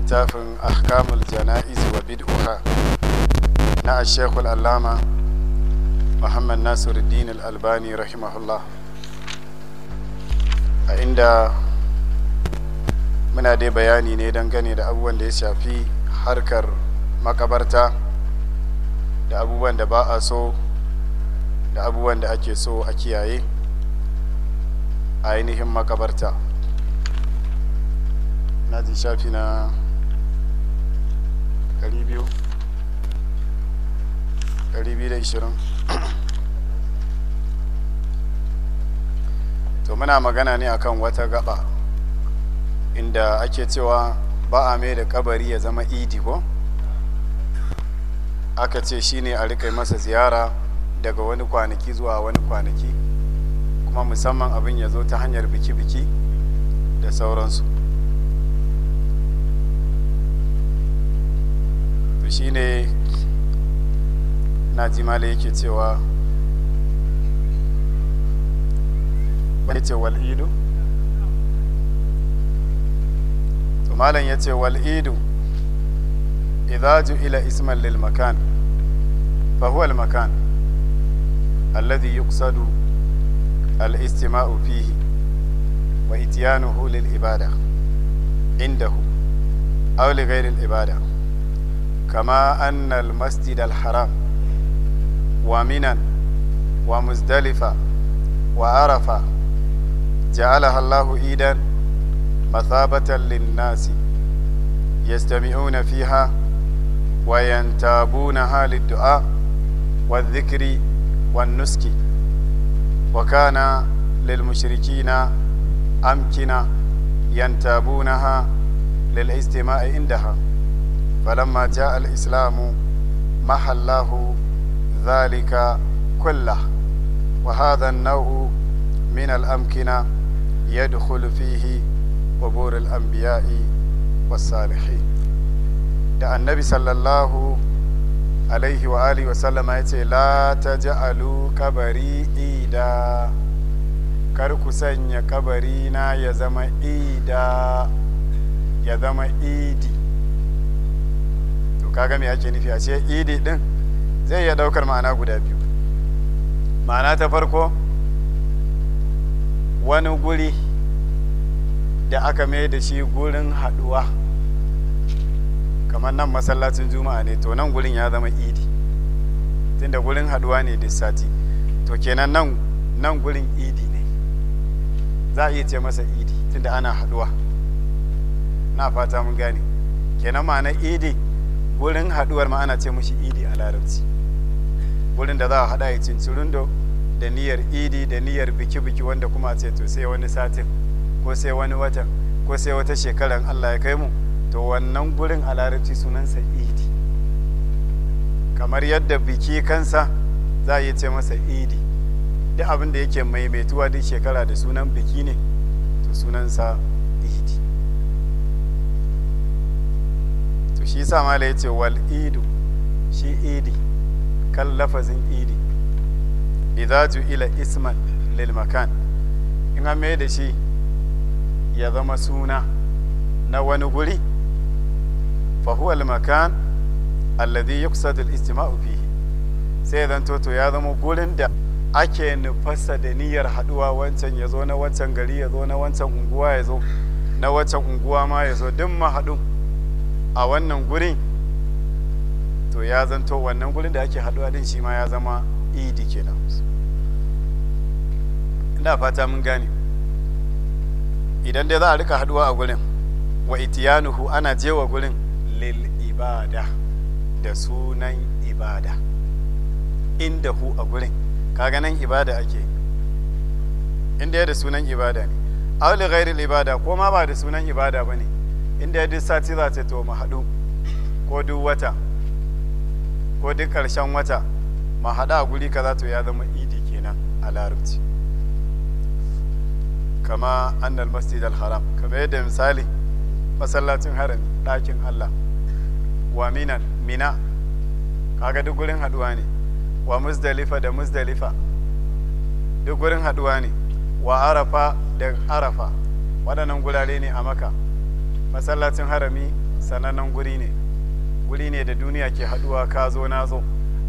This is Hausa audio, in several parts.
littafin ahkamul jana'iz wa bid'uha na ashekul allama muhammad nasiruddin al-albani rahimahullah a inda muna da bayani ne dangane da abubuwan da ya shafi harkar makabarta da abubuwan da ba a so da abubuwan da ake so a kiyaye a ainihin makabarta na shafi na to muna magana ne akan wata gaba inda ake cewa ba a mai da kabari ya zama idi ko aka ce shine a rika masa ziyara daga wani kwanaki zuwa wani kwanaki kuma musamman abin ya zo ta hanyar biki-biki da sauransu shi ne na jimale yake cewa wani ce wal'idu to malam ya ce wal'idu idza ila isman lil makan fa huwa al makan alladhi yuqsadu al istima'u fihi wa ityanuhu lil ibada indahu aw li ghayri al ibada كما أن المسجد الحرام ومنا ومزدلفة وعرفة جعلها الله إيدا مثابة للناس يستمعون فيها وينتابونها للدعاء والذكر والنسك وكان للمشركين أمكنة ينتابونها للاستماع عندها falamma ja al-islamu mahallahu ذلك كله وهذا النوع من الأمكنة يدخل فيه قبور الأنبياء والصالحين da annabi sallallahu alaihi wa alihi wa sallama ya ce la ta ja'alu kabari ida kar ku sanya kabari na ya zama ida ya zama idi Ka kaga me ake nufi a ce idi din zai iya daukar ma'ana guda biyu ma'ana ta farko wani guri da aka mai da shi gurin haduwa kamar nan masallacin juma'a ne to nan gurin ya zama idi tunda gurin haduwa ne duk sati to kenan nan nan gurin idi ne za a iya ce masa idi tunda ana haduwa na fata mun gane kenan ma'ana idi wurin haduwar ma ana ce mushi idi a larabci wurin da za a hada yi cincirundo da niyyar idi da niyyar biki-biki wanda kuma ce to sai wani satin ko sai wani watan ko sai wata shekaran allah ya kai mu to wannan gurin a larabci sunansa idi kamar yadda biki kansa za a yi ce masa idi duk abin da yake maimaituwa duk shekara da sunan biki ne to sunansa idi shi sa mala ce wal idu shi idi kan lafazin idi idza ila isman lil makan in an mai da shi ya zama suna na wani guri fa huwa al makan alladhi yuqsadu al istima'u fihi sai zan toto ya zama gurin da ake nufasa da niyyar haduwa wancan ya zo na wancan gari ya zo na wancan unguwa ya zo na wancan unguwa ma ya zo duk ma haɗu a wannan gurin to ya zanto wannan gurin da ake haɗuwa din shi ma ya zama idi kenan ina fata mun gane idan dai za a rika haɗuwa a gurin wa itiyanuhu ana jewa gurin lil ibada da sunan ibada inda hu a gurin kaga nan ibada ake inda ya da sunan ibada ne auli ghairil ibada ko ma ba da sunan ibada ba ne inda duk sati za ta to mu haɗu ko duk wata ko duk ƙarshen wata mu haɗa a guri kaza to ya zama idi kenan a larabci kama annal masjid al-haram kama yadda misali masallacin harin ɗakin allah wa minan mina kaga duk gurin haɗuwa ne wa musdalifa da musdalifa duk gurin haɗuwa ne wa arafa da arafa waɗannan gurare ne a maka masallacin harami sanannen guri ne guri ne da duniya ke haduwa ka zo na zo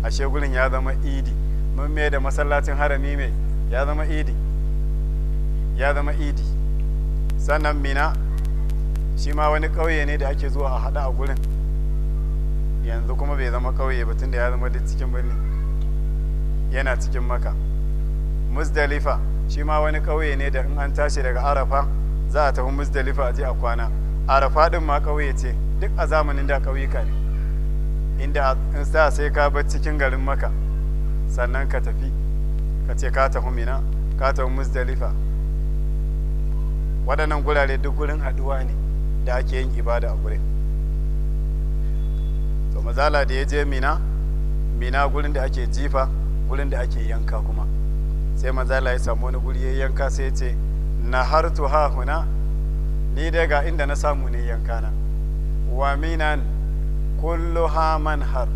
ashe gurin ya zama idi mun me da masallacin harami mai ya zama idi ya zama idi sannan mina shi ma wani ƙauye ne da ake zuwa a hada a gurin yanzu kuma bai zama ƙauye ba tunda ya zama duk cikin birni yana cikin maka musdalifa shi ma wani ƙauye ne da in an tashi daga arafa za a tafi musdalifa a je a kwana arafa din ma ƙauye ce duk a zamanin da ƙauyuka ne inda in sa sai ka bar cikin garin maka sannan ka tafi ka ce ka tafi mina ka tafi musdalifa waɗannan gurare duk gurin haɗuwa ne da ake yin ibada a gurin to mazala da ya je mina mina gurin da ake jifa gurin da ake yanka kuma sai mazala ya samu wani guri ya yanka sai ya ce na hartu ha huna ni dai ga inda na samu ne yankana wa minan kullu ha manhar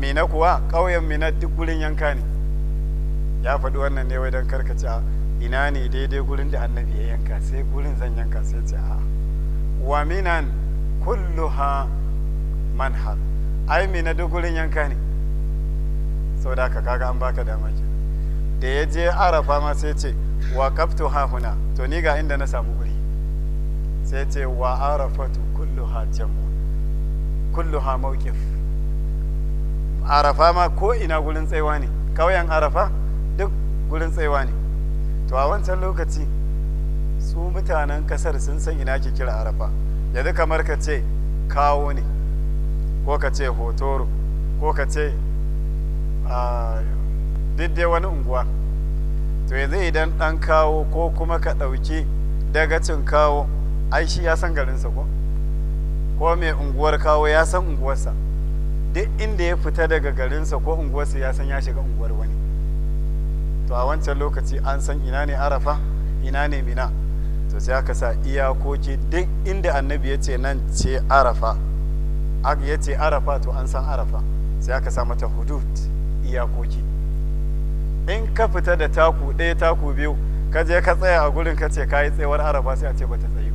mina kuwa ƙauyen mina duk gurin yanka ne ya faɗi wannan ne wai don karkace a ina ne daidai gurin da annabi ya yanka sai gurin zan yanka sai ce a wa minan kullu ha manhar ai mina duk gurin yanka ne sau da ka kaga an baka dama ke da ya je arafa ma sai ce wa kaftu ha huna to ni ga inda na samu gurin sai ce wa arafatu kulluha jam'u kulluha mawqif arafa ma ko ina gurin tsaiwa ne kauyen arafa duk gurin tsaiwa ne to a wancan lokaci su mutanen kasar sun san ina ke kira arafa yanzu kamar ka ce kawo ne ko ka ce hotoro ko ka ce dai wani unguwa to yanzu idan dan kawo ko kuma ka ɗauki dagacin kawo ai shi ya san garinsa ko ko mai unguwar kawo ya san unguwarsa duk inda ya fita daga garinsa ko unguwarsa ya san ya shiga unguwar wani to a wancan lokaci an san ina ne arafa ina ne mina to sai aka sa iyakoki duk inda annabi ya ce nan ce arafa ya ce arafa to an san arafa sai aka sa mata hudud iyakoki in ka fita da taku ɗaya taku biyu ka je ka tsaya a gurin ka ce ka yi tsayawar arafa sai a ce ba ta tsaye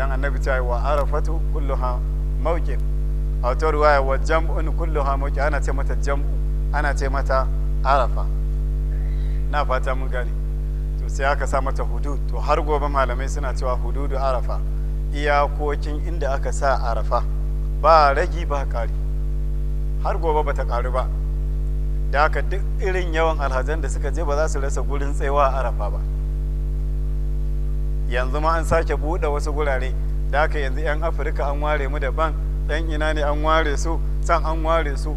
dan annabi ta yi wa arafatu kulluha mauki a wata ruwaya wa jam'un kulluha mauki ana ce mata jam'u ana ce mata arafa na fata mun gane to sai aka sa mata hudud to har gobe malamai suna cewa hududu arafa iyakokin inda aka sa arafa ba ragi ba kari har gobe ba ta karu ba da haka duk irin yawan alhazan da suka je ba za su rasa gurin tsayawa arafa ba yanzu ma an sake buɗe wasu gurare da haka yanzu 'yan afirka an ware mu ban ɗan ina ne an ware su san an ware su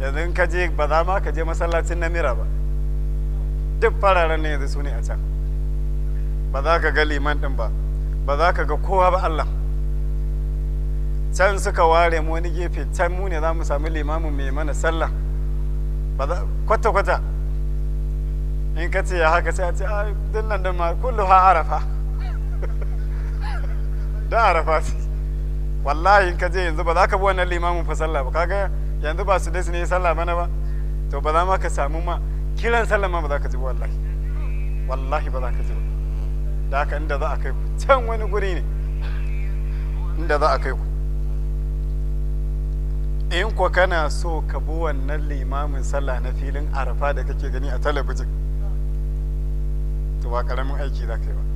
yanzu in ka je ba za ma ka je masallacin namira ba duk fararen ne yanzu su ne a can ba za ka ga liman ɗin ba ba za ka ga kowa ba allah can suka ware mu wani gefe can mu ne za mu sami limamin mai mana sallah kwata-kwata in ka ce ya haka sai a ce a dinnan da ma kullu ha arafa da arafat wallahi in ka je yanzu ba za ka bi wannan limamin fa sallah ba kaga yanzu ba su dai su ne sallah mana ba to ba za ma ka samu ma kiran sallah ma ba za ka ji wallahi wallahi ba za ka ji da haka inda za a kai ku can wani guri ne inda za a kai ku in ko kana so ka bi wannan limamin sallah na filin arafa da kake gani a talabijin to ba karamin aiki za ka yi ba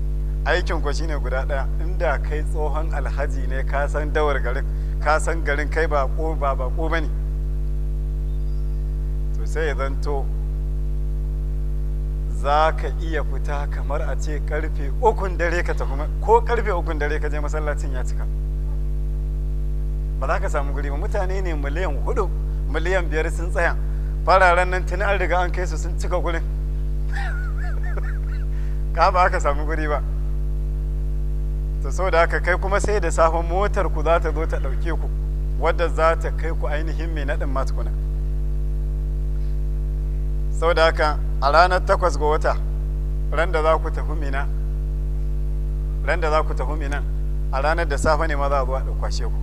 aikin ku shine guda ɗaya inda kai tsohon alhaji ne ka san dawar garin ka san garin kai ba ko ba ba ko bane to sai ya zanto za ka iya fita kamar a ce karfe ukun dare ka tafi ko karfe ukun dare ka je masallacin ya cika ba za ka samu guri ba mutane ne miliyan hudu miliyan biyar sun tsaya fararen nan tuni an riga an kai su sun cika gurin ka ba aka samu guri ba to da haka kai kuma sai da safe motar ku za ta zo ta ɗauke ku wadda za ta kai ku ainihin mai naɗin matukuna da haka a ranar takwas ga wata ran da za ku tafi mina ran da za ku tafi mina a ranar da safe ne ma za a zo a ɗaukwashe ku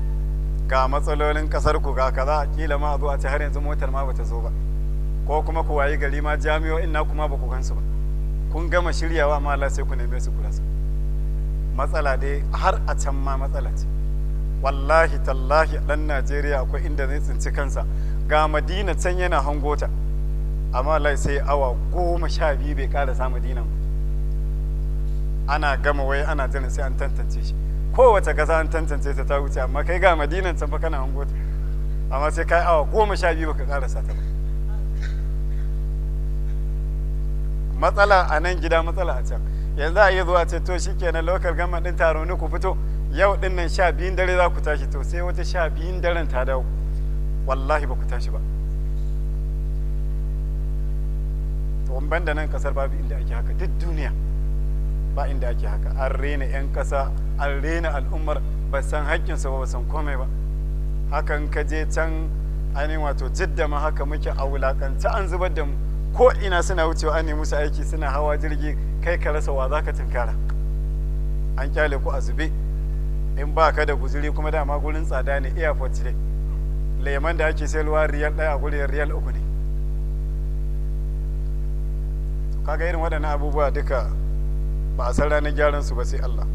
ga matsalolin ƙasar ku ga kaza kila ma a zo a ci har yanzu motar ma bata zo ba ko kuma ku wayi gari ma jami'o'in na kuma ba ku gansu ba kun gama shiryawa ma Allah sai ku neme su kula su matsala dai har a can ma matsala ce wallahi tallahi dan najeriya akwai inda zai tsinci kansa ga madina can yana hangota amma lai sai awa goma sha biyu bai sa madina ana gama wai ana jiran sai an tantance shi kowace kasa an tantance ta ta wuce amma kai ga madinan can fa kana hangota amma sai kai awa goma sha biyu baka karasa ta ba matsala a nan gida matsala a can yanzu a iya zuwa ce to shikenan lokal gama ɗin taro ne ku fito yau ɗin nan sha biyun dare za ku tashi to sai wata sha biyun daren ta dawo wallahi ba ku tashi ba to ban da nan kasar babu inda ake haka duk duniya ba inda ake haka an rena 'yan kasa an rena al'ummar ba san haƙƙinsu ba ba san komai ba hakan ka je can ainihin wato jidda ma haka muke a wulaƙanta an zubar da mu ko ina suna wucewa an musu aiki suna hawa jirgi kai ka rasa wa za ka tunkara an kyale ku a zube in ba ka da guziri kuma dama gurin tsada ne airport ne leman da ake sayarwa riyal ɗaya a guriyar riyal uku ne kaga irin waɗannan abubuwa duka ba a san ranar gyaran su ba sai Allah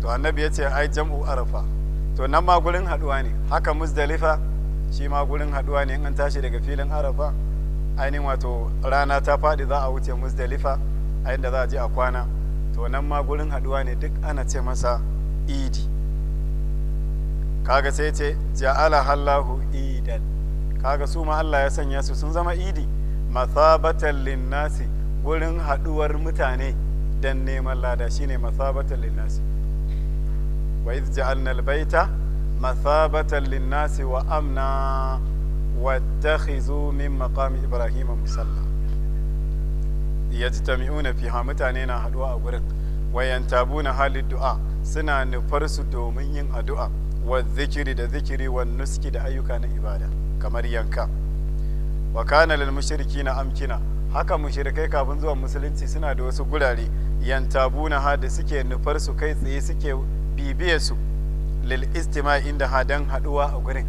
to annabi ya ce ai jam'u arafa to nan ma gurin haɗuwa ne haka musdalifa shi ma gurin haɗuwa ne in an tashi daga filin arafa ainihin wato rana ta faɗi za a wuce musdalifa a inda za a je a kwana to nan ma gurin haɗuwa ne duk ana ce masa idi kaga sai ce ja'ala hallahu idan kaga su ma Allah ya sanya su sun zama idi mathabatan linnasi gurin haɗuwar mutane dan neman lada shine mathabatan linnasi wa iz ja'alna albayta mathabatan linnasi wa amna واتخذوا من مقام إبراهيم مصلى يجتمعون فيها متانين هدوء أقرق وينتابون حال الدعاء سنة نفرس دومين الدعاء والذكر دا ذكر والنسك دا أيوكا إبادة كما ينكا وكان للمشركين أمكنا haka mushrikai kafin zuwa musulunci suna da wasu gurare yantabuna ha da suke nufar su kai tsaye suke bibiyarsu lil istima inda hadan haduwa a gurin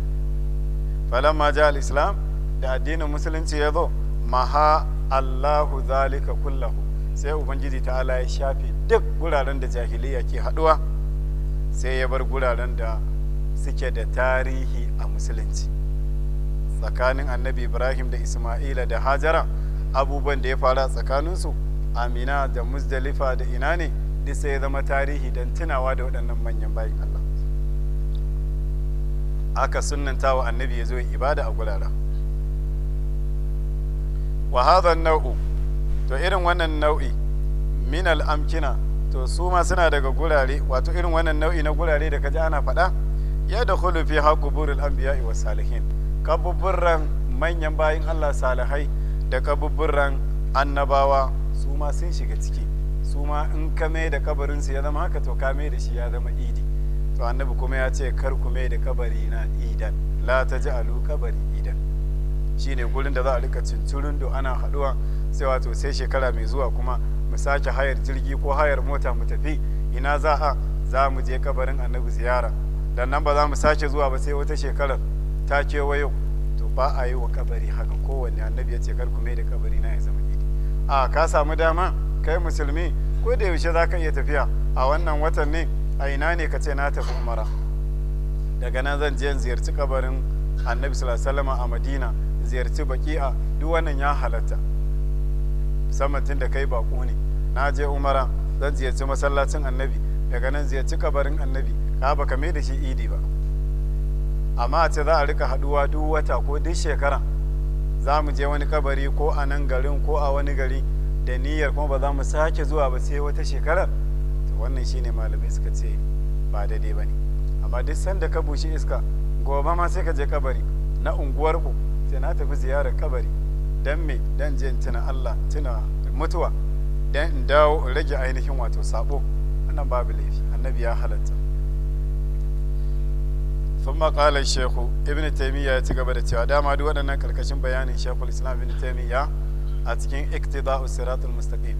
falamma ja al-islam da addinin musulunci ya zo maha allahu zalika kullahu sai ubangiji ta'ala ya shafi duk guraren da jahiliya ke haduwa sai ya bar guraren da suke da tarihi a musulunci tsakanin annabi ibrahim da isma'ila da hajara abubuwan da ya fara tsakaninsu amina da muzdalifa da ina ne duk sai ya zama tarihi don tunawa da waɗannan manyan bayan allah aka sunnanta wa annabi ya zo ibada a guraren wa hadha nau'u to irin wannan nau'i min al'amkina to su ma suna daga gurare wato irin wannan nau'i na gurare da kaji ana faɗa ya da fi haƙuburul anbiya'i wa salihin kabuburran manyan bayin Allah salihai da kabuburran annabawa su ma sun shiga ciki su ma in ka mai da kabarinsu ya zama haka to ka mai da shi ya zama idi to annabi kuma ya ce kar ku mai da kabari na idan la ta ji alu kabari idan shi ne gurin da za a rika cincirin do ana haduwa sai wato sai shekara mai zuwa kuma mu sake hayar jirgi ko hayar mota mu tafi ina za a za mu je kabarin annabi ziyara dan nan ba za mu sake zuwa ba sai wata shekarar ta kewayo to ba a yi wa kabari haka kowanne annabi ya ce kar ku mai da kabari na ya zama idi a ka samu dama kai musulmi ko da yaushe za ka iya tafiya a wannan watan ne a ina ne ka ce na tafi umara daga nan zan je ziyarci kabarin annabi sallallahu a madina ziyarci baki'a duk wannan ya halatta musamman tun da kai baƙo ne na je umara zan ziyarci masallacin annabi daga nan ziyarci kabarin annabi ka ba ka da shi idi ba amma a ce za a rika haduwa duk wata ko duk shekara za mu je wani kabari ko a nan garin ko a wani gari da niyyar kuma ba za mu sake zuwa ba sai wata shekarar wannan shine malamai suka ce ba daidai ba ne amma duk sanda ka bushe iska gobe ma sai ka je kabari na unguwar ku sai na tafi ziyarar kabari dan me dan je tuna Allah tuna mutuwa dan in dawo in rage ainihin wato sabo wannan babu laifi annabi ya halatta ثم قال الشيخ ابن تيمية يتقبل التوى داما دو أننا كالكشن بيان شيخ الإسلام ابن تيمية أتكين اقتضاء الصراط المستقيم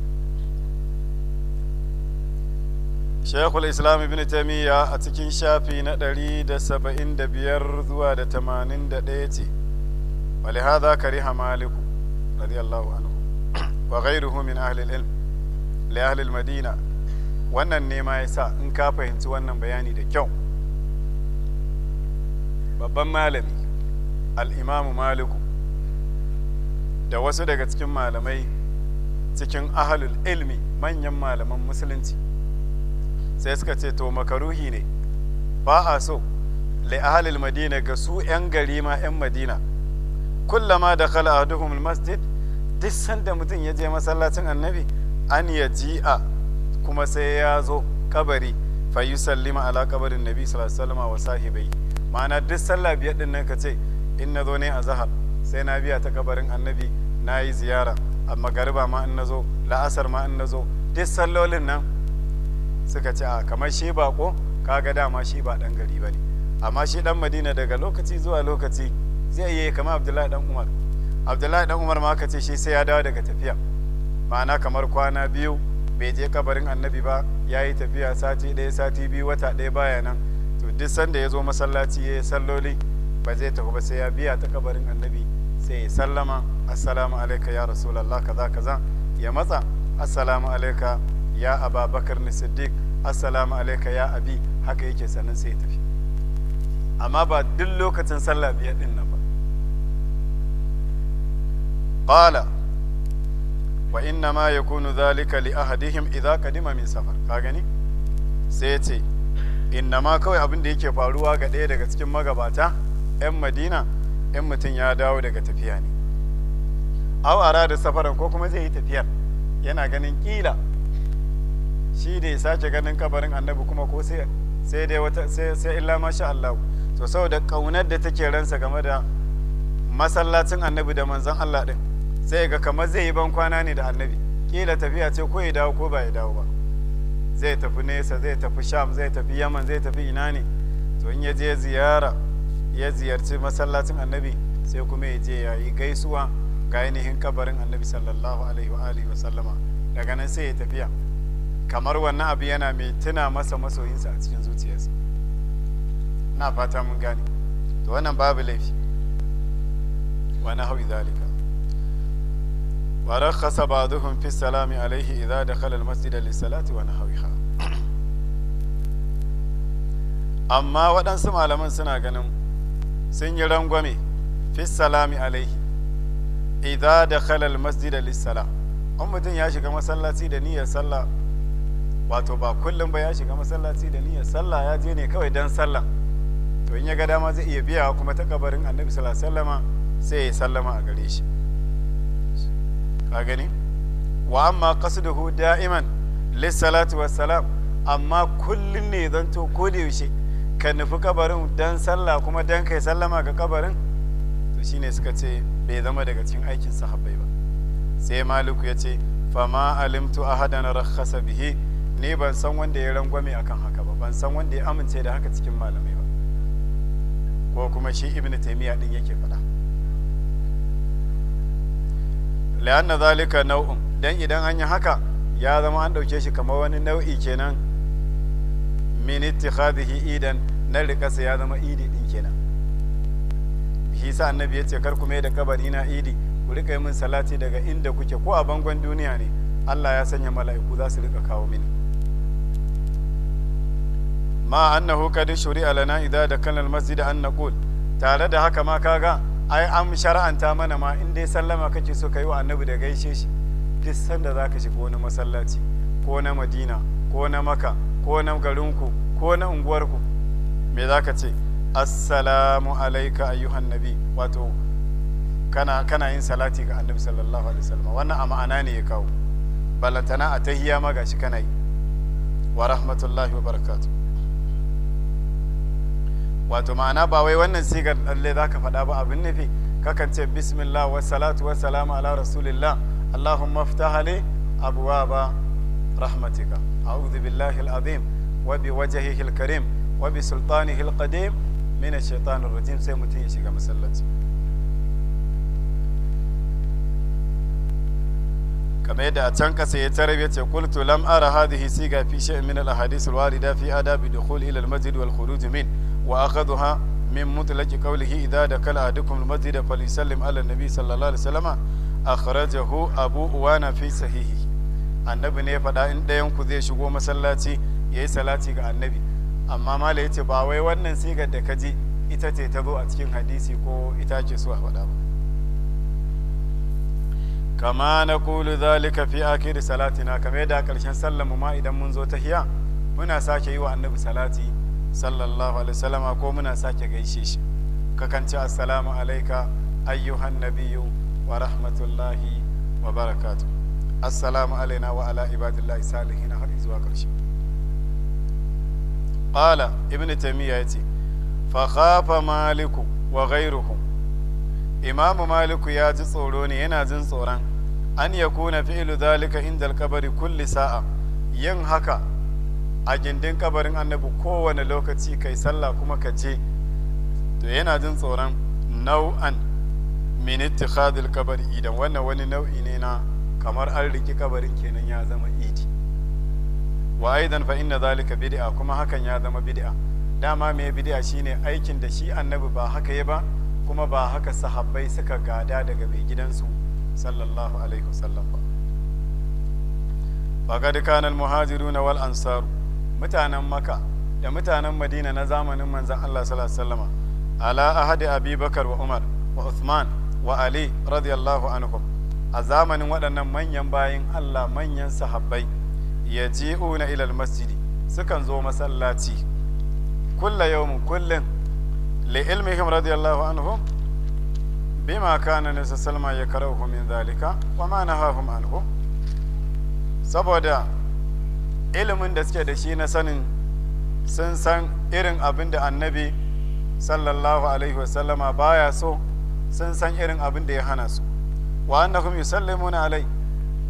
shekul islam ibn taimiyya a cikin shafi na 175 zuwa da 81 ce Waliha za ka ولهذا كره مالك رضي الله عنه وغيره من أهل العلم لأهل madina. wannan ne ma sa in ka fahimci wannan bayani da kyau babban malami al'imamu maliku da wasu daga cikin malamai cikin ahalul ilmi manyan malaman musulunci sai suka ce to makaruhi ne ba a so li madina ga su 'yan gari ma 'yan madina kullama da kala ahaduhum masjid duk sanda mutum ya je masallacin annabi an ya ji'a kuma sai ya zo kabari fa yi sallima ala kabarin nabi sallama wa sahibai ma'ana duk sallah biyar din nan ka ce in na zo ne a zahar sai na biya ta kabarin annabi na yi ziyara a magariba ma in na zo la'asar ma in na zo duk sallolin nan suka ce a kamar shi bako kaga dama shi ba dan gari bane amma shi dan madina daga lokaci zuwa lokaci zai yi kamar abdullahi dan umar abdullahi dan umar ma aka ce shi sai ya dawo daga tafiya ma'ana kamar kwana biyu bai je kabarin annabi ba ya yi tafiya sati ɗaya sati biyu wata ɗaya baya nan to duk sanda ya zo masallaci ya yi salloli ba zai tafi ba sai ya biya ta kabarin annabi sai ya sallama assalamu alaika ya rasulallah kaza kaza ya matsa assalamu alaika ya Ababakar ne ni siddiq assalamu alaika ya abi haka yake sannan sai ya tafi amma ba duk lokacin sallah biyar din nan ba qala wa inna ma yakunu zalika li ahadihim idza kadima min safar ka gani sai ce inna ma kawai abin da yake faruwa ga ɗaya daga cikin magabata 'yan madina in mutum ya dawo daga tafiya ne aw arada safaran ko kuma zai yi tafiyar yana ganin kila shi ne sake ganin kabarin annabi kuma ko sai sai dai wata sai illa masha Allah to saboda kaunar da take ransa game da masallacin annabi da manzon Allah din sai ga kamar zai yi ban kwana ne da annabi kila tafiya ce ko ya dawo ko ba ya dawo ba zai tafi nesa zai tafi sham zai tafi yaman zai tafi ina ne to in ya je ziyara ya ziyarci masallacin annabi sai kuma ya je ya yi gaisuwa ga ainihin kabarin annabi sallallahu alaihi wa alihi wa sallama daga nan sai ya tafiya kamar wannan abu yana mai tuna masa masoyinsa a cikin zuciyarsa na fata mun gane to wannan babu laifi wani hau zalika ورخص بعضهم في السلام عليه إذا دخل المسجد للصلاة ونحوها amma waɗansu malaman suna ganin sun yi rangwame fi salami alaihi idza dakhala al masjid lis-sala in mutum ya shiga masallaci da niyyar sallah wato ba kullum ba ya shiga masallaci da niyyar sallah ya je ne kawai dan sallah to in ya ga dama zai iya biya kuma ta kabarin annabi sallallahu alaihi wasallama sai ya sallama a gare shi ka gani wa amma qasduhu da'iman lissalatu wassalam amma kullum ne zanto ko da yaushe ka nufi kabarin dan sallah kuma dan kai sallama ga kabarin to shine suka ce bai zama daga cikin aikin sahabbai ba sai maliku ya ce fama alimtu ahadan rakhasa bihi ni ban san wanda ya rangwame akan haka ba ban san wanda ya amince da haka cikin malamai ba ko kuma shi ibn taimiyya din yake faɗa la'anna zalika nau'un dan idan an yi haka ya zama an ɗauke shi kamar wani nau'i kenan min ittikhadhihi idan na rikasa ya zama idi din kenan shi sa annabi ya ce kar ku mai da kabari na idi ku rika yi min salati daga inda kuke ko a bangon duniya ne Allah ya sanya mala'iku za su riƙa kawo mini ma annahu qad shuri'a lana da dakana almasjid an naqul tare da haka ma ga ai an shar'anta mana ma in dai sallama kake so kai wa annabi da gaishe shi duk sanda zaka shiga wani masallaci ko na madina ko na maka ko na garinku ko na unguwarku me zaka ce assalamu alaika ayyuhan nabi wato kana yin salati ga annabi sallallahu a ma'ana ne ya kawo balantana a tahiya ma gashi kanai wa wa wato ma'ana ba wai wannan sigar lalle za ka faɗa ba abin nufi kakan ce bismillah wa salatu wa salamu ala rasulillah allahumma ftah li abwaba rahmatika a'udhu billahi al-azim wa bi wajhihi al-karim wa bi rajim sai mutum ya shiga masallaci kamar yadda a can ka ya tarar ce kultu lam ara hadhihi siga fi shay'in min al fi adab dukhul wal wa akhadha min mutlaqi qawlihi idza dakala ahadukum al-masjid falyusallim ala nabi sallallahu alaihi wasallam akhrajahu abu na fi sahihi annabi ne ya faɗa in ɗayan ku zai shigo masallaci ya yi salati ga annabi amma mala ce ba wai wannan sigar da ka ji ita ce ta zo a cikin hadisi ko ita ce su a faɗa ba kama na kulu zalika fi akiri salatina kamar yadda a ƙarshen sallama ma idan mun zo tahiya muna sake yi wa annabi salati sallallahu alaihi wasallam ko muna sake gaishe shi ka ce assalamu alaika ayyuhan nabiyyu wa rahmatullahi wa barakatu assalamu alaina wa ala ibadillahi salihin har zuwa karshe qala ibnu taymiya yace fa khafa maliku wa ghayruhu imamu maliku ya ji tsoro ne yana jin tsoron an yakuna fi'lu zalika inda al-qabri kulli sa'a yin haka a gindin kabarin annabi kowane lokaci kai sallah kuma ka je to yana jin tsoron nau'an miniti khadil kabari idan wannan wani nau'i ne na kamar an riki kabarin kenan ya zama idi wa aidan fa inna zalika bid'a kuma hakan ya zama bid'a dama me bid'a shine aikin da shi annabi ba haka ya ba kuma ba haka sahabbai suka gada daga mai gidansu sallallahu alaihi wasallam ba faqad kana al-muhajiruna wal ansaru mutanen maka da mutanen madina na zamanin manzan allah sallama ala ahadi abubakar wa umar wa usman wa ali radiyallahu anhum a zamanin waɗannan manyan bayin allah manyan sahabbai ya ji'una ilal masjidi sukan zo masallaci kulla yawmin kullum li ilmihim radiyallahu anhum bima kana ya karahu min zalika wa ma nahahum saboda ilimin da suke da shi na sanin sun san irin abin da annabi sallallahu alaihi wasallama baya so sun san irin abin da ya hana su wa annahum yusallimuna alai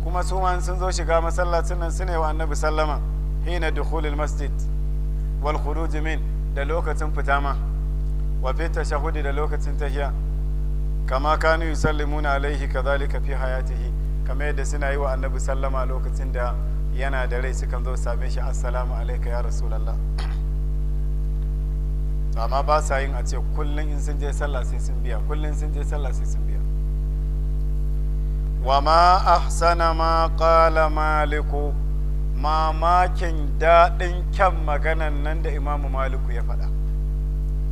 kuma su ma sun zo shiga masallacin nan sune wa annabi sallama hina dukhulil masjid wal khuruj min da lokacin fita ma wa fi tashahudi da lokacin tahiya kama kanu yusallimuna alaihi kadhalika fi hayatihi kamar yadda suna yi wa annabi sallama lokacin da yana da rai sukan zo same shi assalamu alaika ya rasulallah amma ba sa yin a ce kullum in sun je sallah sai sun biya kullum sun je sallah sai sun biya wa ma ahsana ma qala maliku mamakin daɗin kyan maganan nan da imamu maliku ya faɗa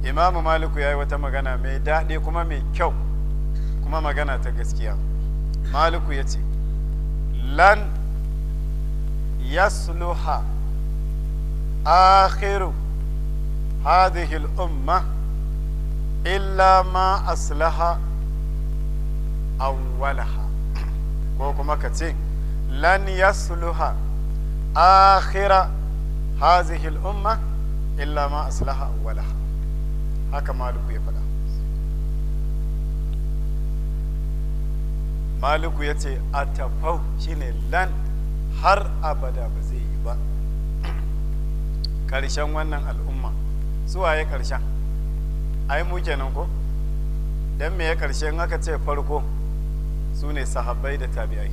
imamu maliku ya yi wata magana mai daɗi kuma mai kyau kuma magana ta gaskiya maliku ya ce lan يصلح آخر هذه الأمة إلا ما أصلح أولها وكما كتير لن يصلح آخر هذه الأمة إلا ما أصلح أولها haka maluku ya faɗa maluku ya ce a tafau shine lan har abada ba zai yi ba ƙarshen wannan al'umma su waye ƙarshen ai mu kenan ko don me ya ƙarshen aka ce farko su ne sahabbai da tabi'ai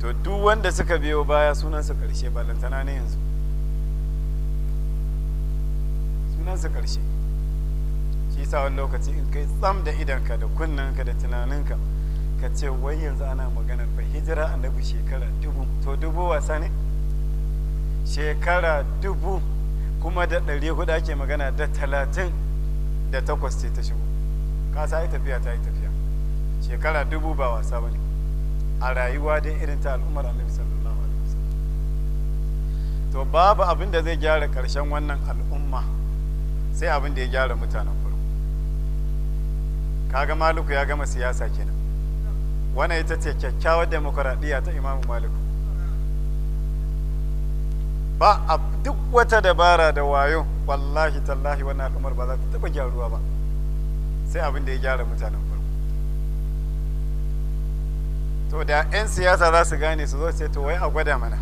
to duk wanda suka biyo baya sunansu ƙarshe balantana ne yanzu sunansu ƙarshe shi sa wani lokaci in kai tsam da idanka da kunnanka da tunaninka ka ce wai yanzu ana maganar ba hijira annabi shekara dubu to dubu wasa ne shekara dubu kuma da ɗari hudu ake magana da talatin da takwas ce ta shigo kasa yi tafiya ta yi tafiya shekara dubu ba wasa ba ne a rayuwa dai irin ta al'ummar annabi sallallahu alaihi wasallam to babu abin da zai gyara karshen wannan al'umma sai abin da ya gyara mutanen farko kaga maluku ya gama siyasa kenan wane ita ce kyakkyawar demokuraɗiyya ta imamu maliku ba a duk wata dabara da wayo wallahi tallahi wannan al'ummar ba za ta taɓa gyaruwa ba sai abin da ya gyara mutanen farko to da 'yan siyasa za su gane su zo sai to wai a gwada mana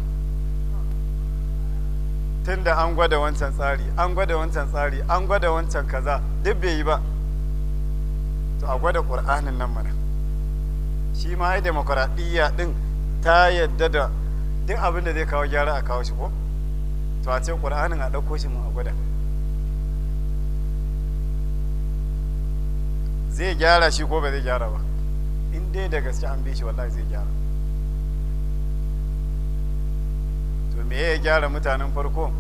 tun da an gwada wancan tsari an gwada wancan tsari an gwada wancan kaza duk bai yi ba to a gwada ƙur'anin nan mana shi ma ai demokuraɗiyya din ta yadda da duk abin da zai kawo gyara a kawo shi ko to a ce ƙur'anin a ɗauko shi mu a gwada zai gyara shi ko ba zai gyara ba in dai da gaske an bi shi wallahi zai gyara to me ya gyara mutanen farko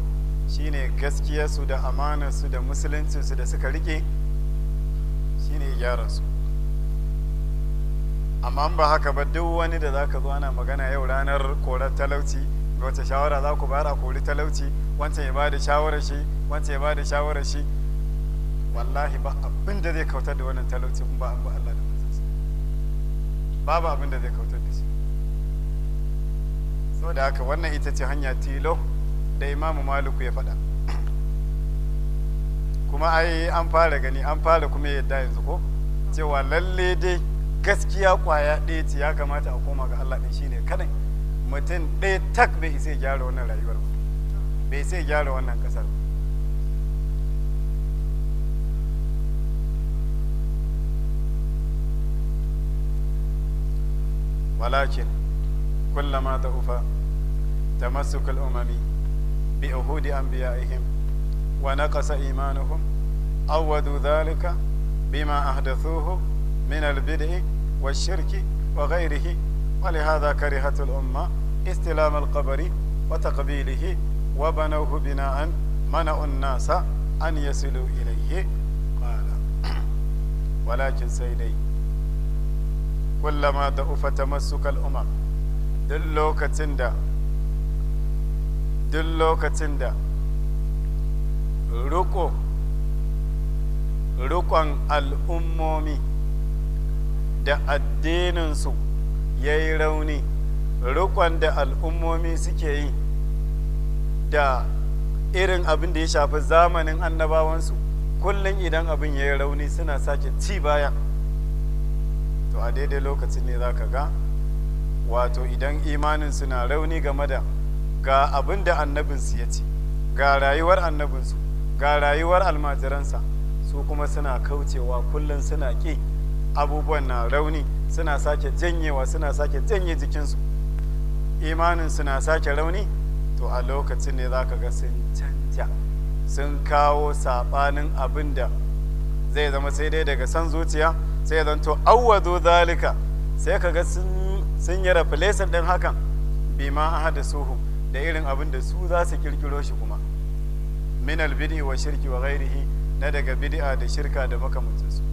shine gaskiyarsu da amanarsu da musuluncinsu da suka rike shine ya gyara su amma ba haka ba duk wani da zaka zo ana magana yau ranar korar talauci wace shawara za ku bayar a kori talauci wancan ya bada shawarar shi wancan ya bada shawarar shi wallahi ba abin da zai kautar da wannan talauci in ba an ba Allah da manzansa babu abin da zai kautar da shi saboda haka wannan ita ce hanya tilo da imamu maliku ya faɗa kuma ai an fara gani an fara kuma yadda yanzu ko cewa lalle dai gaskiya kwaya ɗaya ce ya kamata a koma ga Allah ɗin shine kadai mutum ɗaya tak bai isa gyara wannan rayuwar ba bai isa gyara wannan ƙasar ba ولكن كلما ضعف تمسك الأمم بعهود أنبيائهم ونقص imanuhum عوضوا ذلك bima ahdathuhu من البدء والشرك وغيره ولهذا كرهت الأمة استلام القبر وتقبيله وبنوه بناء منعوا الناس أن يصلوا إليه قال ولكن سيدي كلما ضعف تمسك الأمم دلو كتندا دلو كتندا ركو ركو الأمومي da addininsu ya yi rauni rukon da al'ummomi suke yi da irin abin da ya shafi zamanin annabawansu kullum idan abin ya yi rauni suna sake ci baya to a daidai lokacin ne za ka ga wato idan imanin suna rauni game da ga abin da annabinsu ya ce ga rayuwar annabinsu ga rayuwar almajiransa su kuma suna kaucewa kullum suna ƙi abubuwan na rauni suna sake janyewa suna sake janye jikinsu imanin suna sake rauni to a lokacin ne za ka ga sun canja sun kawo saɓanin abin da zai zama sai dai daga san zuciya sai zan to awwazo zalika sai ka ga sun yi rafilesar ɗin hakan bi bima ahada suhu da irin abin da su za su kirkiro shi kuma min albidi wa shirki wa gairihi na daga bidi'a da shirka da makamancinsu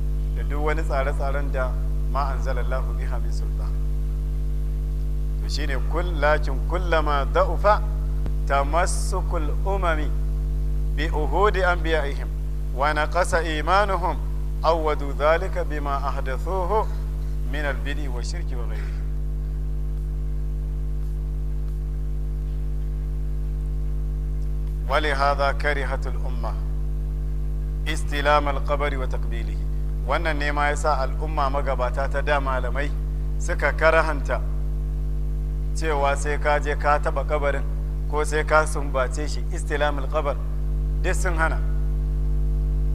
da duk wani tsare-tsaren da ma anzalallahu biha min sulta to shine kullakin kullama da'ufa tamassukul umami bi uhudi anbiya'ihim wa naqasa imanuhum awwadu zalika bima ahdathuhu min albidi wa shirki wa ghayrihi ولهذا كرهت الأمة استلام القبر وتقبيله wannan ne ma ya sa al'umma magabata ta da malamai suka karahanta cewa sai ka je ka taba kabarin ko sai ka sumbace shi istilamul kabar duk sun hana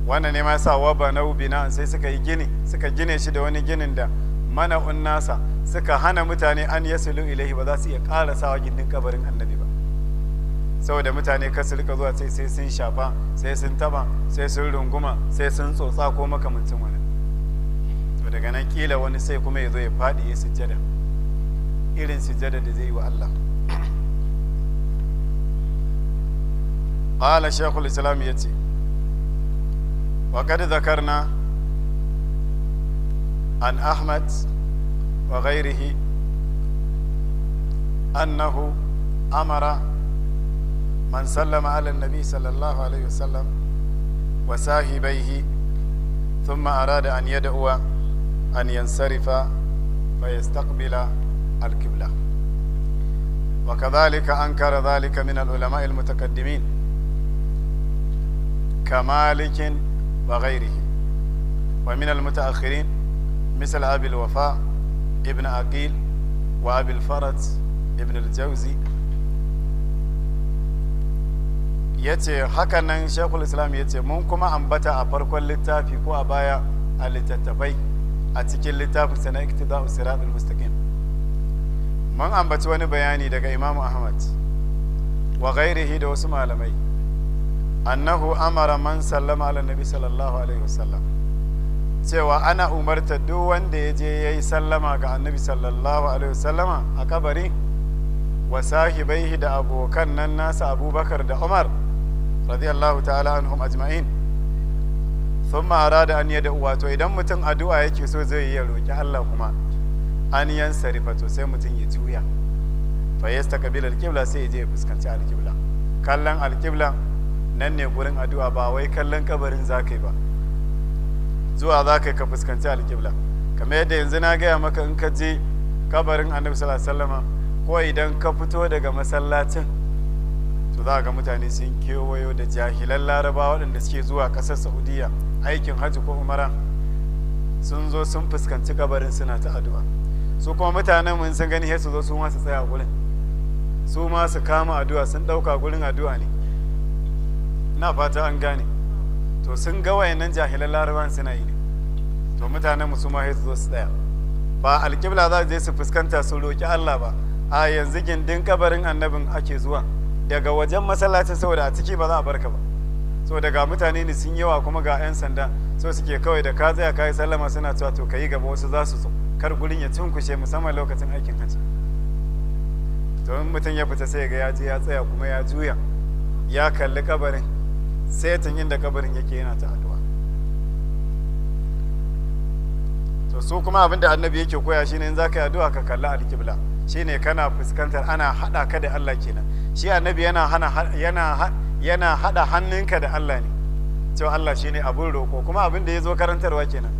wannan ne ma ya sa waba na ubina sai suka yi gini suka gine shi da wani ginin da mana nasa suka hana mutane an yasulu ilaihi ba za su iya karasawa gindin kabarin annabi ba saboda mutane ka su rika zuwa sai sun shafa sai sun taba sai sun runguma sai sun tsotsa ko makamancin wani to daga nan kila wani sai kuma ya zo ya faɗi ya sujjada irin sujjada da zai yi wa Allah qala shaykhul islam ya ce wa qad zakarna an ahmad wa ghayrihi annahu amara man sallama ala nabi sallallahu alaihi wasallam wa sahibaihi ثم أراد أن يدعو أن ينصرف فيستقبل القبلة وكذلك أنكر ذلك من العلماء المتقدمين كمالك وغيره ومن المتأخرين مثل أبي الوفاء ابن أقيل وأبي الفرج ابن الجوزي ya ce hakan nan shekul islam ya ce mun kuma ambata a farkon littafi ko a baya a littattafai a cikin littafin littafinsa na iktida'u siratul mustaqim man ambaci wani bayani daga Imam ahmad wa ghairihi da wasu malamai annahu amara man sallama ala nabi sallallahu alaihi wasallam cewa ana umarta duk wanda ya je ya yi sallama ga annabi sallallahu alaihi wasallama a kabari wa sahibaihi da abokan nan nasa abubakar da umar radiyallahu ta'ala anhum ajma'in sun ma'ara da an yadda uwa to idan mutum addu'a yake so zai yi ya roƙi Allah kuma an yan sarifa to sai mutum ya juya fa yasta kabilar kibla sai ya je ya fuskanci alkibla kallon alkibla nan ne gurin addu'a ba wai kallon kabarin za ba zuwa za ka ka fuskanci alkibla kamar yadda yanzu na gaya maka in ka je kabarin annabi sallallahu alaihi wasallama ko idan ka fito daga masallacin za ga mutane sun kewayo da jahilan laraba waɗanda suke zuwa ƙasar saudiya aikin hajji ko umara sun zo sun fuskanci kabarin suna ta addu'a su kuma mutanen mun sun gani su zo su ma su tsaya gurin su ma su kama addu'a sun ɗauka gurin addu'a ne na fata an gane to sun ga wayannan jahilan laraban suna yi ne to mutanen mu su ma su zo su tsaya ba alƙibla za su je su fuskanta su roƙi Allah ba a yanzu gindin kabarin annabin ake zuwa daga wajen masallacin saboda a ciki ba za a barka ba so daga mutane ne sun yawa kuma ga 'yan sanda so suke kawai da ka tsaya yi sallama suna cewa to kai gaba wasu za su zo kar gurin ya tunkushe musamman lokacin aikin hajji to in mutum ya fita sai ga ya je ya tsaya kuma ya juya ya kalli kabarin sai tun inda kabarin yake yana ta addu'a to su kuma abin da annabi yake koya shine in zaka yi addu'a ka kalli alqibla shine kana fuskantar ana hada ka da Allah kenan shi annabi yana hana yana yana hada hannunka da Allah ne cewa Allah shine abun roko kuma abin da yazo karantarwa kenan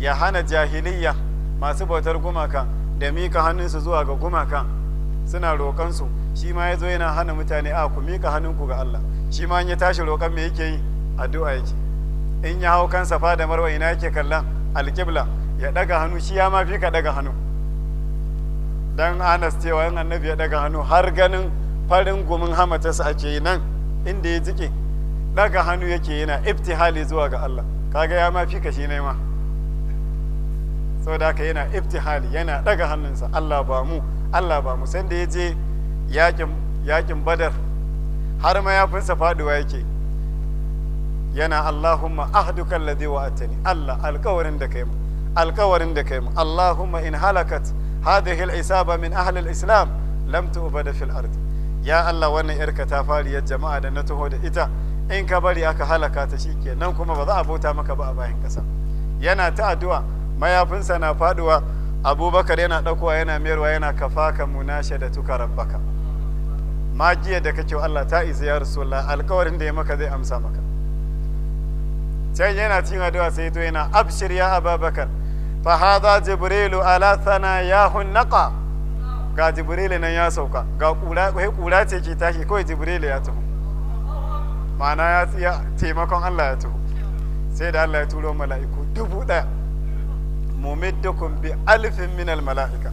ya hana jahiliya masu bautar gumaka da mika hannunsu zuwa ga gumaka suna roƙon su shi ma yazo yana hana mutane a ku mika hannunku ga Allah shi ma ya tashi roƙon me yake yi addu'a yake in ya hau kansa fa da marwa ina yake kallon alƙibla ya daga hannu shi ya ma fi ka daga hannu dan anas cewa yan annabi ya daga hannu har ganin farin gumin su ake yi nan inda ya jike daga hannu yake yana iftihali zuwa ga Allah kaga ya ma fi kashi ne ma saboda ka yana iftihali yana daga hannunsa Allah ba mu Allah ba mu sanda ya je yakin yakin badar har mayafinsa faduwa yake yana Allahumma ahduka alladhi wa'atani Allah alkawarin da kai mu alkawarin da kai mu Allahumma in halakat هذه العصابة من أهل الإسلام لم تؤبد في الأرض يا الله وانا إركا تفاري يا جماعة نتهو إتا إن كبري أكا هلكا تشيكي ننكم بضع أبوتا مكا بأباين كسا ينا تأدوا ما يفنسا نفادوا أبو بكر ينا تقوى ينا ميروا ينا كفاك مناشدتك ربك ما جيه دكتو الله تائز يا رسول الله القورن دي مكا دي أمسا مكا can yana cin addu'a sai to yana abshir ya ababakar fahada jibrilu ala sana ya hunnaka ga jibrilu nan ya sauka ga kura ce ke tashi kawai jibrilu ya taho ma'ana ya tsiya taimakon allah ya taho sai da allah ya turo mala'iku dubu ɗaya mumiddukum bi alfin minal mala'ika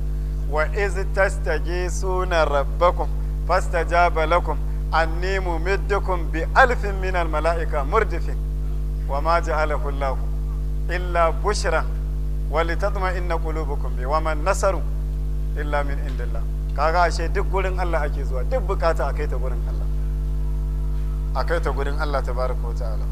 wa iz tastajisuna rabbakum fastajaba lakum anni mumiddukum bi alfin minal mala'ika murdifin wa ma ja'alahu allah illa bushra walitatma inna qulubukum bi waman nasaru illa min indillah kaga ashe duk gurin Allah ake zuwa duk bukata akai ta gurin Allah akai ta gurin Allah tabaraka wa ta'ala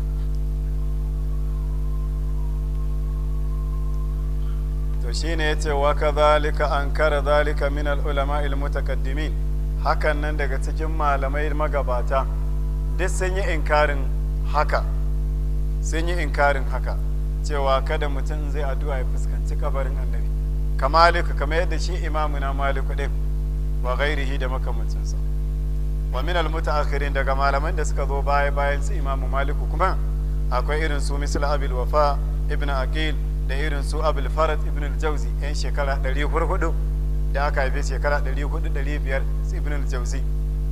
to shine yace wa kadhalika ankara dhalika min al ulama al mutakaddimin hakan nan daga cikin malamai magabata duk sun yi inkarin haka sun yi inkarin haka cewa kada mutum zai addu'a ya fuskanci kabarin annabi kamalika kama yadda shi imamuna maliku ɗin wa gairihi da makamancinsa wa min al mutaakhirin daga malaman da suka zo baya bayan su imamu maliku kuma akwai irin su misal abil wafa ibn aqil da irin su abil farad ibn al jawzi yan shekara 400 da aka haife shekara 400 500 su ibn al jawzi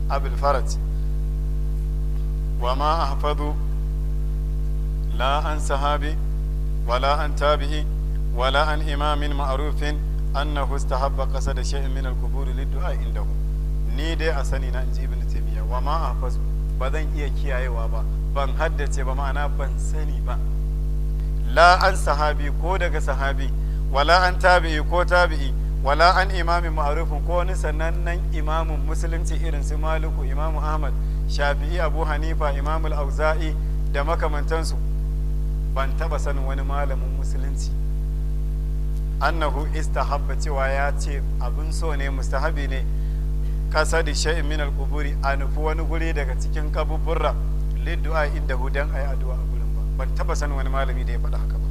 abul farad wa ma ahfadu la an sahabi ولا عن تابع ولا عن إمام معروف أنه استحب قصد شيء من القبور للدعاء عنده ni dai a sani na inji ibn taymiya wa ma hafaz ba zan iya kiyayewa ba ban haddace ba ma'ana ban sani ba la sahabi ko daga sahabi wala an tabi'i ko tabi'i wala an imamin ma'arufin ko wani sanannen imamin musulunci irin su maliku imamu ahmad shafi'i abu hanifa imamul auza'i da makamantansu ban taba sanin wani malamin musulunci annahu istahabba cewa ya ce abin so ne mustahabi ne kasa da sha'in min alquburi a nufi wani guri daga cikin kabuburra liddu'a inda hudan ayi addu'a a gurin ba ban taba sanin wani malami da ya faɗa haka ba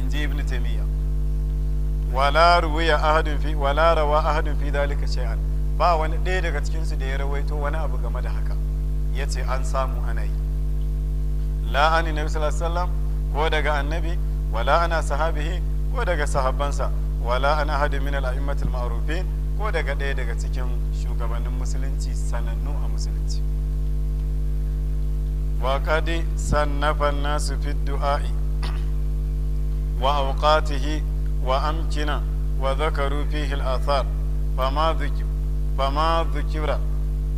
in ji ibn taimiyya wala ruwaya ahadun fi wala rawa ahadun fi dalika shay'an ba wani ɗaya daga cikin su da ya rawaito wani abu game da haka yace an samu ana yi la ani nabi sallallahu ko daga annabi wala ana sahabihi ko daga sahabbansa wala ana hadu min al a'immatil ma'rufin ko daga ɗaya daga cikin shugabannin musulunci sanannu a musulunci wa qad sannafa nasu fi du'a'i wa awqatihi wa amkina wa zakaru fihi al athar fama dhikra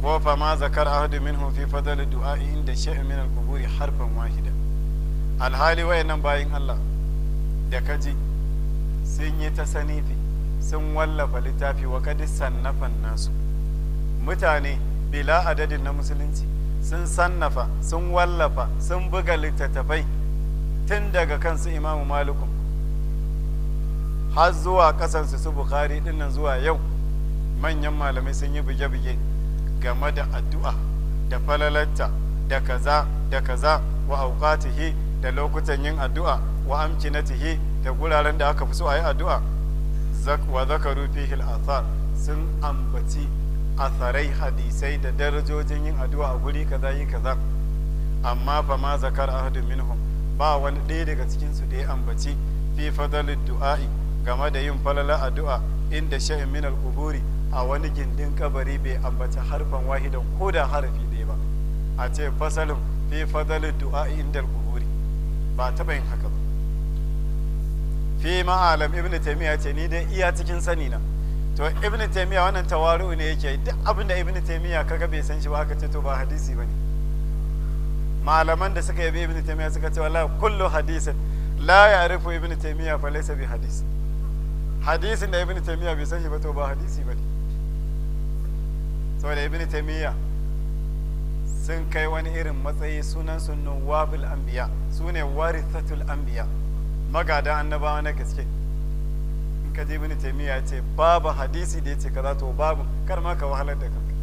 ko fa ma zakar ahadu minhum fi fadl du'a inda shay'in min al-quburi harfan wahida alhali wayannan bayin Allah da kaji sun yi ta sanifi sun wallafa littafi wa sannafan nasu mutane bila adadin na musulunci sun sannafa sun wallafa sun buga littattafai tun daga kansu imamu malikun har zuwa kasansu su bukhari ɗinnan zuwa yau manyan malamai sun yi buge-buge game da addu'a da falalarta da kaza da kaza wa auqatihi da lokutan yin addu'a wa amkinatihi da guraren da aka fi so a yi addu'a wa zakaru fihi al sun ambaci atharai hadisai da darajojin yin addu'a a guri kaza yi kaza amma ba ma zakar ahadun minhum ba wani ɗaya daga cikinsu da ya ambaci fi du'a'i game da yin falala addu'a inda sha'in min al a wani gindin kabari bai ambata harfan wahidan ko da harafi ɗaya ba a ce fasalin fi fadalin du'a inda kuburi ba taɓa yin haka ba fi ma'alam ibn taimiyya ce ni dai iya cikin sani na to ibn taimiyya wannan tawaru ne yake duk abin da ibn taimiyya kaga bai san shi ba aka ce to ba hadisi ba ne malaman da suka yabi ibn taimiyya suka ce wallahi kullu hadisin la ya'rifu ibn taimiyya fa laysa bi hadis hadisin da ibn taimiyya bai san shi ba to ba hadisi ba ne saboda ibn taimiyya sun kai wani irin matsayi sunan sunan wabul anbiya su ne warithatul anbiya magada annabawa na gaske in ka je ibn taimiyya ce babu hadisi da ya ce kaza to babu kar ma ka wahalar da kanka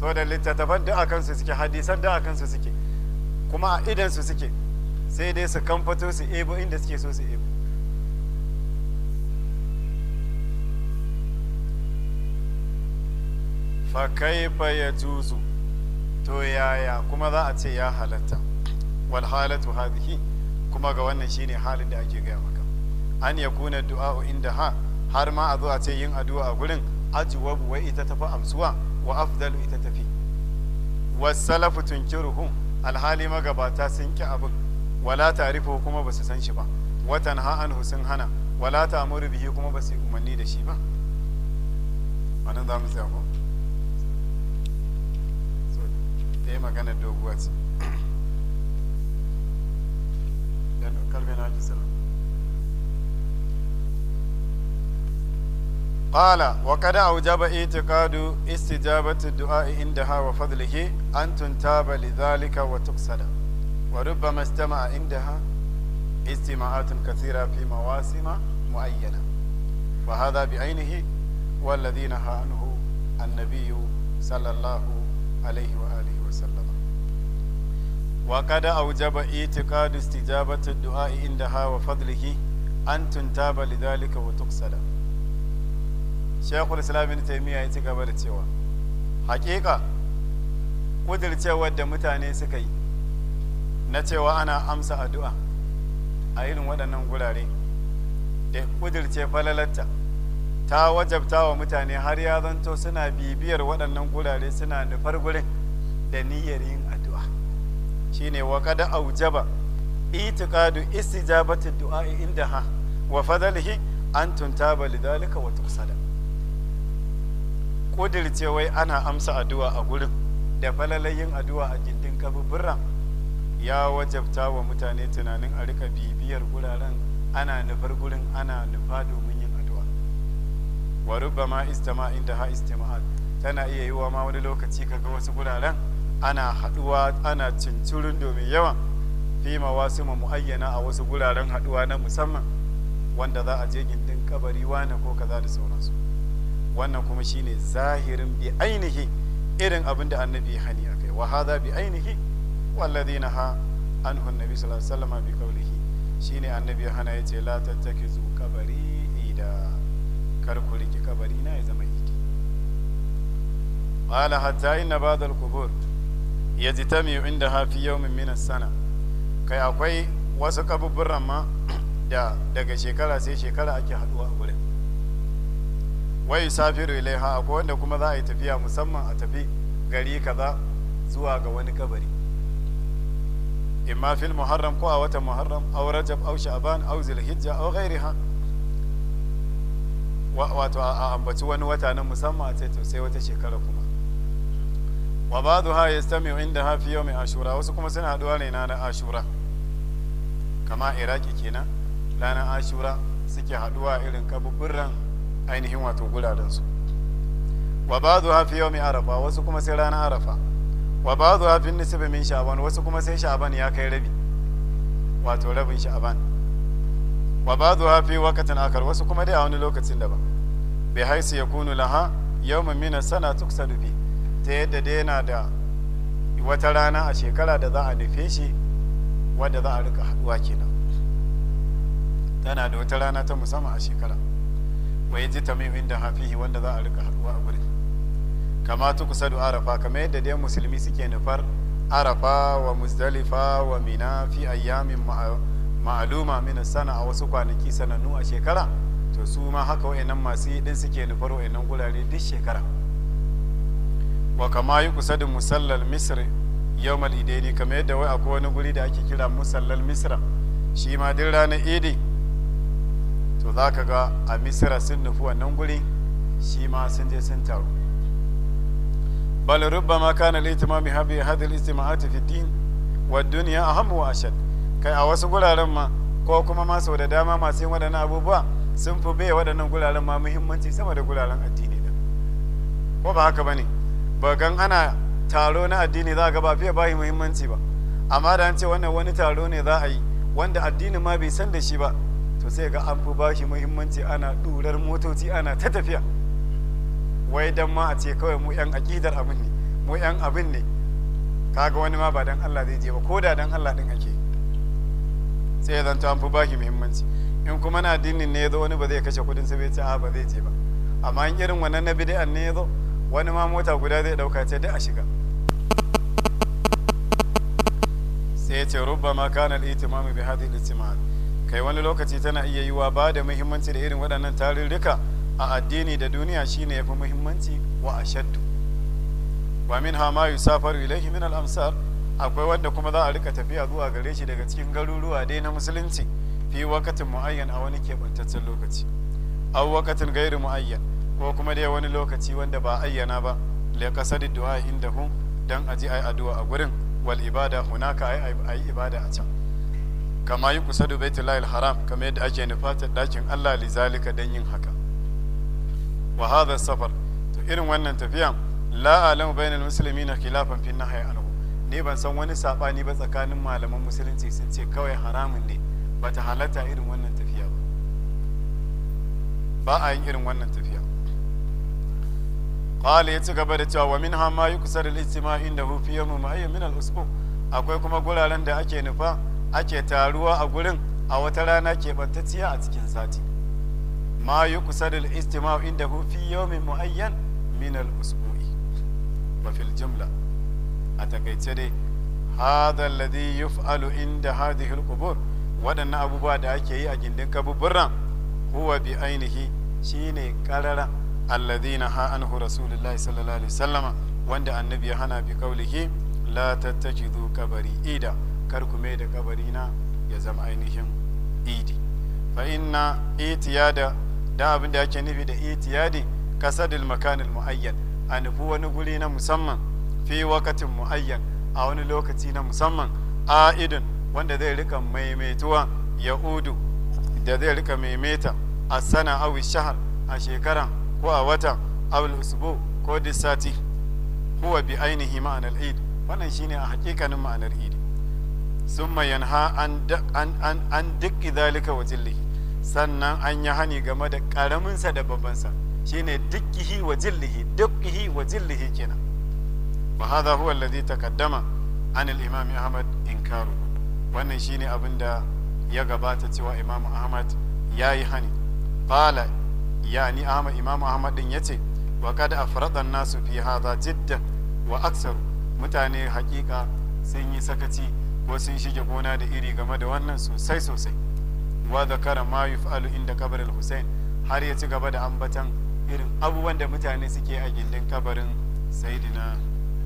saboda littattafan da akan su suke hadisan da akan su suke kuma a idan su suke sai dai su kamfato su ebo inda suke so su ebo fa ya juzu to yaya kuma za a ce ya halatta wal halatu hadhihi kuma ga wannan shine halin da ake gaya maka an ya kuna du'a'u inda ha har ma a zo a ce yin addu'a a gurin ajwabu wa ita tafi amsuwa wa Afdal ita tafi wasalafu tunkiruhu alhali magabata sun ki abin wala tarifu kuma ba su san shi ba watan ha'anhu sun hana wala ta bihi kuma ba su umarni da shi ba anan za mu tsaya ko eh magana doguwa ce dan kalbe na ji sallam قال وقد أوجب اعتقاد استجابة الدعاء عندها وفضله أن تنتاب لذلك وتقصد وربما استمع عندها استماعات كثيرة في مواسم معينة وهذا بعينه والذي نهى عنه النبي صلى الله عليه وسلم وقد أوجب إيتقاد استجابة الدعاء عندها وفضله أن تنتاب لذلك وتقصد شيخ الإسلام ابن تيمية يتقبل التوى حقيقة قدر التوى الدمتاني سكي نتوى أنا أمسى الدعاء أين ودنا نقول عليه da kudirce falalarta ta wajabta wa mutane har ya zanto suna bibiyar waɗannan gurare suna nufar gurin da niyyar yin shine wa kada aujaba itiqadu istijabati du'a inda ha wa fadalihi an tuntaba lidhalika wa tuqsada kudirce wai ana amsa addu'a a gurin da falalayin addu'a a gindin kaburbura ya wajabta wa mutane tunanin a rika bibiyar guraren ana nufar gurin ana nufa domin yin addu'a wa rubba ma istama inda ha istima'at tana iya yiwa ma wani lokaci kaga wasu guraren ana haduwa ana cincirin domin yawan fi wasu mu muhayyana a wasu guraren haduwa na musamman wanda za a je gindin kabari wane ko kaza da sauransu wannan kuma shine zahirin bi ainihi irin abin da annabi hani akai wa hadha bi ainihi na ha anhu annabi sallallahu alaihi wasallam bi qawlihi shine annabi hana yace la tattakizu kabari ida kar ku rike kabari na ya zama idi qala hatta inna ba'da al-qubur ya ji ta mai inda hafi yau mimminan sana kai akwai wasu kaburburan ma da daga shekara sai shekara ake haduwa a gurin wai safiru ha akwai wanda kuma za a yi tafiya musamman a tafi gari kaza zuwa ga wani kabari ma fil muharram ko a watan muharram au rajab au sha'ban hijja zulhijja aw ghairiha wato a ambaci wani wata na musamman a ce to sai wata shekara kuma wa ba ya ba'dha inda hafi yau mai ashura wasu kuma suna haɗuwa ne na ashura kama iraki kenan ranar ashura suke haduwa irin kaburburan ainihin wato guraren su wa ba'dha fi mai arafa wasu kuma sai ranar arafa wa ba ba'dha fi nisbi min sha'ban wasu kuma sai sha'ban ya kai rabi wato rabin sha'aban. wa ba ba'dha fi waqtin akar wasu kuma dai a wani lokacin daban bai haisu ya kunu laha yau min as-sana tuksadu fi ta yadda dai yana da wata rana a shekara da za a nufe shi wadda za a rika haduwa kenan tana da wata rana ta musamman a shekara wa ji ta mai winda hafihi wanda za a rika haduwa a gurin kama tu kusa da arafa kamar yadda dai musulmi suke nufar arafa wa muzdalifa wa mina fi ayyamin ma'aluma min sana a wasu kwanaki sanannu a shekara to su ma haka wayannan masu yi din suke nufar wayannan gurare duk shekara wa kama yi kusa da musallal misir yau mal'idaini kama yadda wai akwai wani guri da ake kira musallal misra shi ma duk ranar idi to za ka ga a misra sun nufi wannan guri shi ma sun je sun taru bal ma kana litima bi habi hadil istima'ati fi din wa dunya ahamu wa ashad kai a wasu guraren ma ko kuma ma sau da dama masu yin waɗannan abubuwa sun fi bai waɗannan guraren ma muhimmanci sama da guraren addini ko ba haka ba ne ba gan ana taro na addini za a ga ba fiye ba muhimmanci ba amma da an ce wannan wani taro ne za a yi wanda addini ma bai san da shi ba to sai ga an fi ba shi muhimmanci ana ɗurar motoci ana ta tafiya wai dan ma a ce kawai mu yan aƙidar abin ne mu yan abin ne kaga wani ma ba dan Allah zai je ba ko da dan Allah din ake sai ya zanto an fi ba shi muhimmanci in kuma na addinin ne ya zo wani ba zai kashe kudin sa bai ce a ba zai je ba amma in irin wannan na bid'an ne ya zo wani ma mota guda zai dauka ce da a shiga sai ce rubba ma kana al bi hadin kai wani lokaci tana iya yiwa ba da muhimmanci da irin waɗannan tarurruka a addini da duniya shine yafi muhimmanci wa ashaddu wa minha ma yusafaru ilayhi min al-amsar akwai wanda kuma za a rika tafiya zuwa gare shi daga cikin garuruwa dai na musulunci fi wakatin mu'ayyan a wani keɓantaccen lokaci a wakatin gairi mu'ayyan ko kuma dai wani lokaci wanda ba ayyana ba liqasadi du'a indahu dan aji ai addu'a a gurin wal ibada hunaka ai ai ibada a can kama yi kusa kusadu baitullahi haram kama yadda ake nufatar dakin Allah li zalika dan yin haka wa hadha safar to irin wannan tafiyan la alamu bainal muslimina khilafan fi nahyi anhu ne ban san wani sabani ba tsakanin malaman musulunci sun ce kawai haramun ne bata halatta irin wannan tafiya ba ba a yin irin wannan tafiya qala ya ci gaba da cewa wa min ha ma yuksar al-ijtima inda hu fi yawmin ma'ayyin min al-usbu akwai kuma guraren da ake nufa ake taruwa a gurin a wata rana keɓantacciya a cikin sati ma yuksar al-ijtima inda hu fi yawmin mu'ayyan min al-usbu'i wa fil jimla a takaice dai hadha alladhi yuf'alu inda hadhihi al-qubur waɗannan abubuwa da ake yi a gindin kaburburan huwa bi ainihi shine ƙarara alladhina ha anhu rasulullahi sallallahu alaihi wasallam wanda annabi ya hana bi qaulihi la tattajidu kabari ida kar ku mai da kabari na ya zama ainihin idi fa inna itiyada da abin da ake nufi da itiyadi kasadil makanil muayyan a nufi wani guri na musamman fi wakatin muayyan a wani lokaci na musamman a'idun wanda zai rika maimaituwa ya udu da zai rika maimaita a sana awi shahar a shekara ko a wata awil usbu ko duk sati huwa bi ainihi ma'anar id wannan shine a hakikanin ma'anar id sun mayan ha an dukki zalika wa jillihi sannan an yi hani game da karaminsa da babbansa shine dukkihi wa jillihi dukkihi wa jillihi kenan wa hadha huwa alladhi taqaddama an al-imam ahmad inkaru wannan shine abinda ya gabata cewa imam ahmad yayi hani qala yani ama imamu ahmad din ce wa a afrada nasu fi hadha jiddan wa aksar mutane hakika sun yi sakaci ko sun shige gona da iri game da wannan sosai sosai wa zakara ma inda kabarin hussein har ya ci gaba da ambatan irin abubuwan da mutane suke a gindin kabarin saidina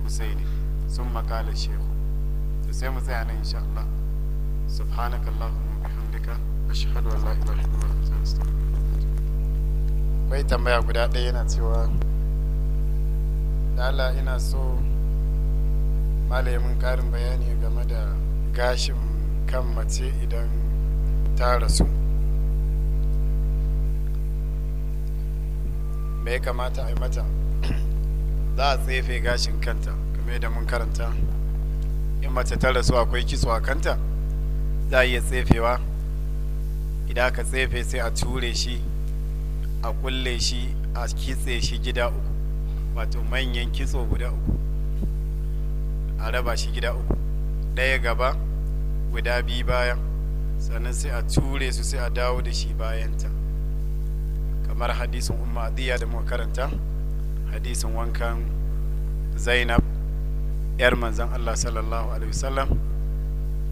husaini sun makala shehu da sai mu tsaya nan insha Allah subhanakallahumma bihamdika ashhadu an la ilaha illa akwai tambaya guda ɗaya yana cewa dala ina so malamin ƙarin bayani game da gashin kan mace idan ta rasu me kamata a yi mata za a tsefe gashin kanta kamar da mun karanta in mace ta rasu akwai kitso a kanta za a iya tsefewa idan aka tsefe sai a ture shi a kulle shi a kitse shi gida uku wato manyan kitso guda uku a raba shi gida uku ɗaya gaba guda biyu baya sannan sai a ture su sai a dawo da shi bayanta kamar hadisin umma da muka karanta hadisin wankan zainab yar manzan allah sallallahu alaihi wasallam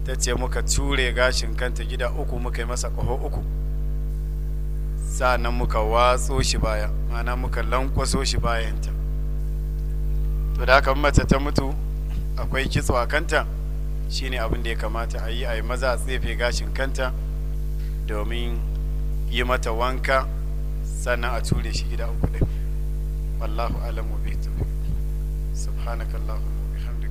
ta ce muka ture gashin kanta gida uku muka yi masa ƙaho uku sa'annan muka watso shi baya ma'ana muka lankwaso shi bayanta to da haka mace ta mutu akwai kitso a kanta shine abin da ya kamata a yi a yi maza a tsefe gashin kanta domin yi mata wanka sannan a ture shi gida uku ɗin wallahu alamu tafi subhanakallahu